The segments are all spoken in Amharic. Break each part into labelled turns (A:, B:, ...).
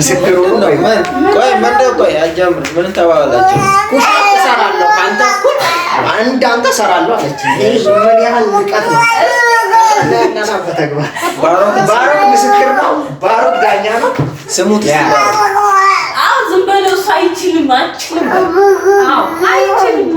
A: ምስክሩ ነው። ቆይ መንደው ቆይ አጀምር ምን ተባባላችሁ? አንድ አንተ እሰራለሁ አለች። ምን ያህል ንቀት ነው! ባሮክ ምስክር ነው። ባሮክ ዳኛ ነው። ስሙት
B: ዝም በለው። እሱ አይችልም፣ አይችልም፣ አይችልም።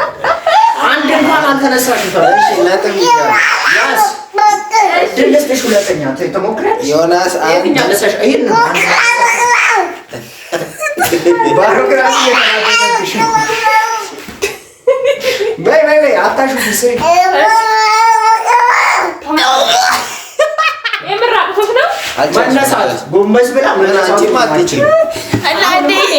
A: በጣም አልተነሳሽ ድልስሽ ሁለተኛ ተሞክረሽ ዮናስ መነሳት ጎንበስ ብላ መነሳት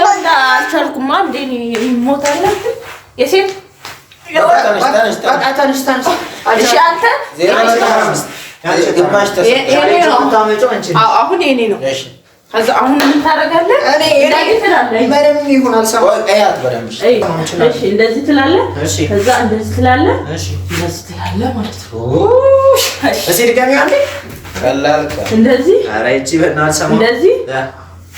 B: አልቻልኩማ። እንዴ ይሞታል። አሁን የኔ ነው። ከዛ አሁን ምን ታደርጋለህ? እንደዚህ ትላለህ፣ ከዛ እንደዚህ ትላለህ፣ እንደዚህ ትላለህ ማለት ነው። እሺ፣ እንደዚህ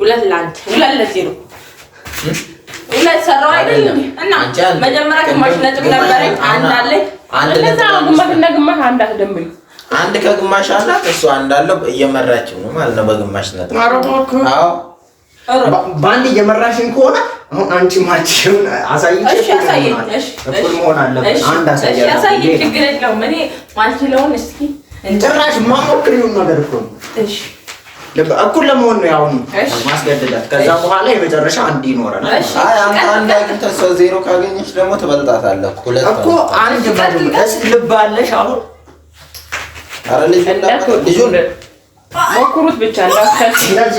B: ሁለት ለአንድ ሁለት ለዜሮ ሁለት ሰራው አይደለም እና መጀመሪያ ግማሽ ነጥብ ነበረኝ። አንድ አለኝ። ግማሽና ግማሽ አንድ አስደምኝ
A: አንድ ከግማሽ አላት እሷ እንዳለው እየመራችው ነው ማለት ነው። በግማሽ ነጥብ በአንድ እየመራሽን ከሆነ አሁን አንቺ ማችሽን አሳይኝ
B: እኩል
A: መሆን አለበት። አንድ
B: አሳያለሁ። ችግር የለውም። እኔ ማልችለውን እስኪ
A: ጭራሽ ማሞክሪውን ነገር እኮ ነው። እኩል ለመሆን ነው ያሁኑ ማስገድዳት። ከዛ በኋላ የመጨረሻ አንድ ይኖረናል። ዜሮ ካገኘች ደግሞ ትበልጣታለህ እኮ አንድ ልብ አለሽ አሁን
B: ሞክሩት ብቻ
A: እንዳትከልስ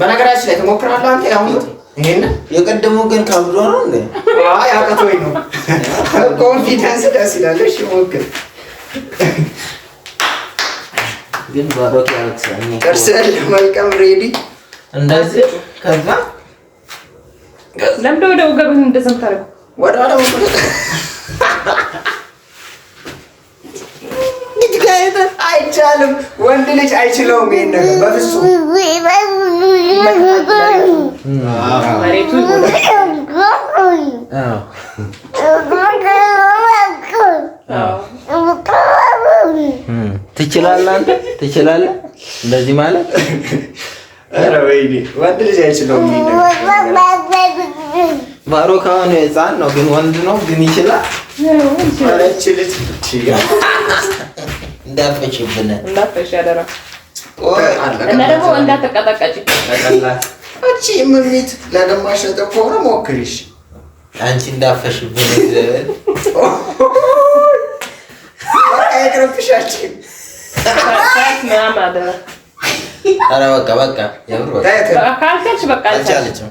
A: በነገራችን ላይ ትሞክራለህ አንተ ያሁኑ ይሄን የቀደሙ ግን ካብዶ ነው እንዴ? አይ አቅቶኝ ነው። ኮንፊደንስ ደስ ይላል። እሺ ሞክር። ግን ባሮክ ያሉት ጥርስህን ለመልቀም ሬዲ እንደዚህ ከዛ
B: ለምደው ደው ገብን እንደዚህ ምታደርገው
A: ወደ ወደ አይቻልም። ወንድ ልጅ አይችለውም። ይሄን ነገር በፍጹም ትችላለህ፣ ትችላለህ እንደዚህ ማለት ወንድ ልጅ አይችለውም። ባሮክ አሁን ነው ግን ወንድ ነው ግን ይችላል። እንዳፈጭብን
B: እንዳፈጭ ያደራ እና ደግሞ እንዳትቀጠቀጭ
A: አንቺ ምሚት ለግማሽ ነጥብ ከሆነ ሞክሪሽ። አንቺ እንዳፈሽብን ያቅረብሻችን ኧረ በቃ በቃ ካልከች በቃ አልቻለችም።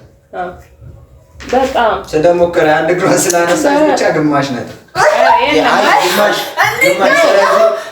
A: በጣም ስለሞከረ አንድ እግሯን ስላነሳች ብቻ ግማሽ ነጥብ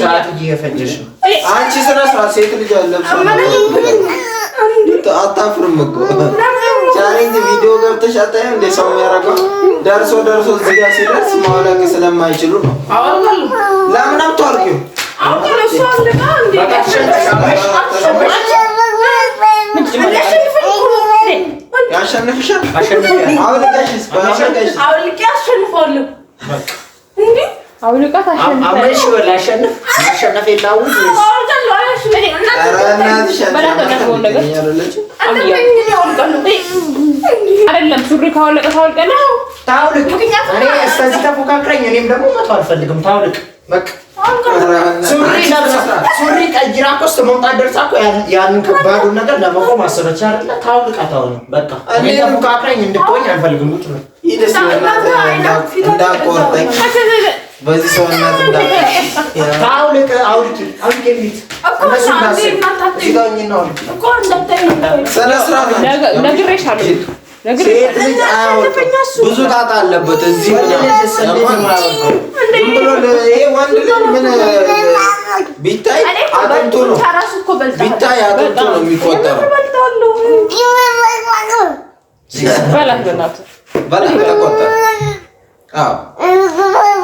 A: ሰዓት እየፈጀሽ ነው። አንቺ ስነ ስርዓት ሴት ልጅ አታፍርም እኮ ቻሌንጅ ቪዲዮ ገብተሽ አታይም እንደ ሰው የሚያደርገው ደርሶ ደርሶ እዚህ ጋር ሲደርስ ማውለቅ ስለማይችሉ ነው። ለምን አታወርቂው?
B: ያሸንፍሻል። አውልቀሽ አውልቄ አሸንፋለሁ። አውልቃት
A: አሸንፈሽ ወላ አሸንፍ
B: አይደለም። ሱሪ ካወለቀ ታውልቀ ነው
A: ታውልቅ። እስከዚህ ተፎካክረኝ፣ እኔም ደግሞ መቶ አልፈልግም። ታውልቅ ሱሪ ሱሪ ቀይራ እኮ እስከ መምጣት ደርሳ እኮ ያንን ከባዱን ነገር ለመቆም አሰበች አይደለ? ታውልቅ አታውል በቃ እኔ ተፎካክረኝ እንድትሆኝ አልፈልግም። በዚህ ሰውነት እናት እንዳታውልቅ አውልቂ ብዙ ጣጣ አለበት። እዚህ ቢታይ አጥንቱ ነው ቢታይ አጥንቱ ነው የሚቆጠረው።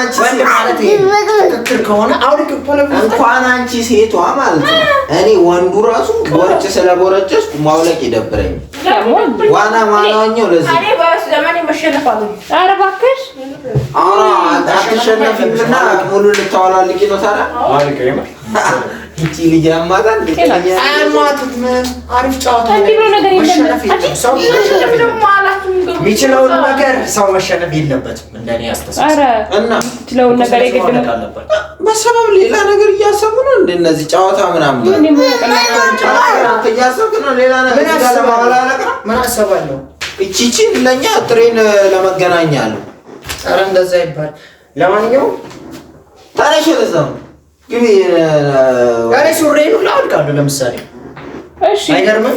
A: አንቺ ትክክል ከሆነ እንኳን አንቺ ሴቷ ማለት ነው። እኔ ወንዱ ራሱ ቦርጭ ስለቦረጨስኩ ማውለቅ ይደብረኝ። ዋና ማናኛው ለዚህ አትሸነፊምና ሙሉ ልታወላልቂ ነው ታዲያ ይቺ ልጅ አማታን አሪፍ ጨዋታ የሚችለውን ነገር ሰው መሸነፍ የለበትም። እንደኔ አስተሳሰብ
B: እና የሚችለውን ነገር የግድ
A: በሰበብ ሌላ ነገር እያሰቡ ነው። እንደ እነዚህ ጨዋታ ምናምን ነው። ሌላ ነገር ምን ለእኛ ትሬን ለመገናኛ አለ። ኧረ እንደዛ ይባል። ለማንኛውም ታዲያ ለምሳሌ አይገርምም?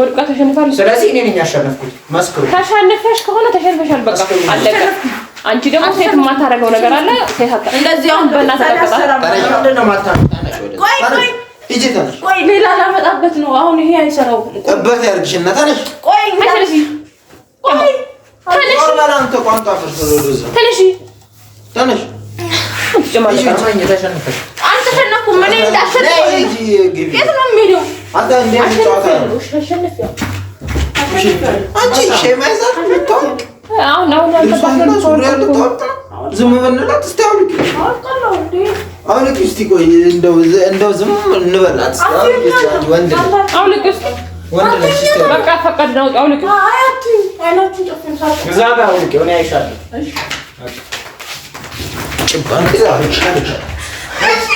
B: ወድቃ ተሸንፋል።
A: ስለዚህ እኔ ነኝ ያሸነፍኩት። መስክሩ።
B: ተሸንፈሽ ከሆነ ተሸንፈሻል። በቃ አለቀ። አንቺ ደግሞ ሴት የማታደርገው ነገር አለ። እንደዚህ አሁን ሌላ ላመጣበት ነው አሁን ይሄ አይሰራው።
A: ቆይ ተነሽ ተነሽ ተነሽ አልቻልኩም። እኔ የት ነው የምሄደው? ዝም ብንላት እስኪ አውልቅ እስኪ ቆይ እንደው ዝም እንበላት ወንድ
B: በቃ ፈቀድ ነው አውልቅ
A: ግዛ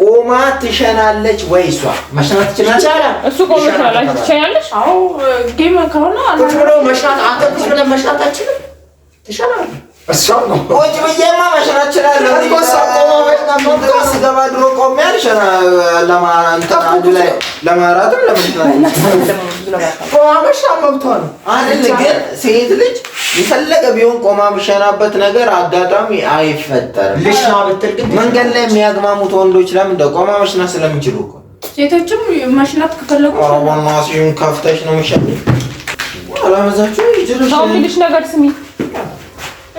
A: ቆማ ትሸናለች ወይ? እሷ መሽናት ትችላለች።
B: እሱ ቆሞ ትሸናለች። አዎ ጌም ከሆነ
A: መሽናት አተኩስ ብለን አችልም ትሸናለች እሷም ነው ቁጭ ብዬማ መሽናት እችላለሁ። ቆሜ አንድ ላይ ለማራትም ለመሽናት መብቷ ነው አይደል? ግን ሴት ልጅ የፈለገ ቢሆን ቆማ ምሸናበት ነገር አጋጣሚ አይፈጠርም። ልሽና መንገድ ላይ የሚያግማሙት ወንዶች ለምን እንደ ቆማ መሽናት ስለሚችሉ እኮ
B: ሴቶችም መሽናት ከፈለጉ ከፍተሽ ነው ነገር ስሚ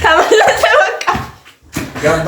B: ተመለጠ በቃ
A: ገባ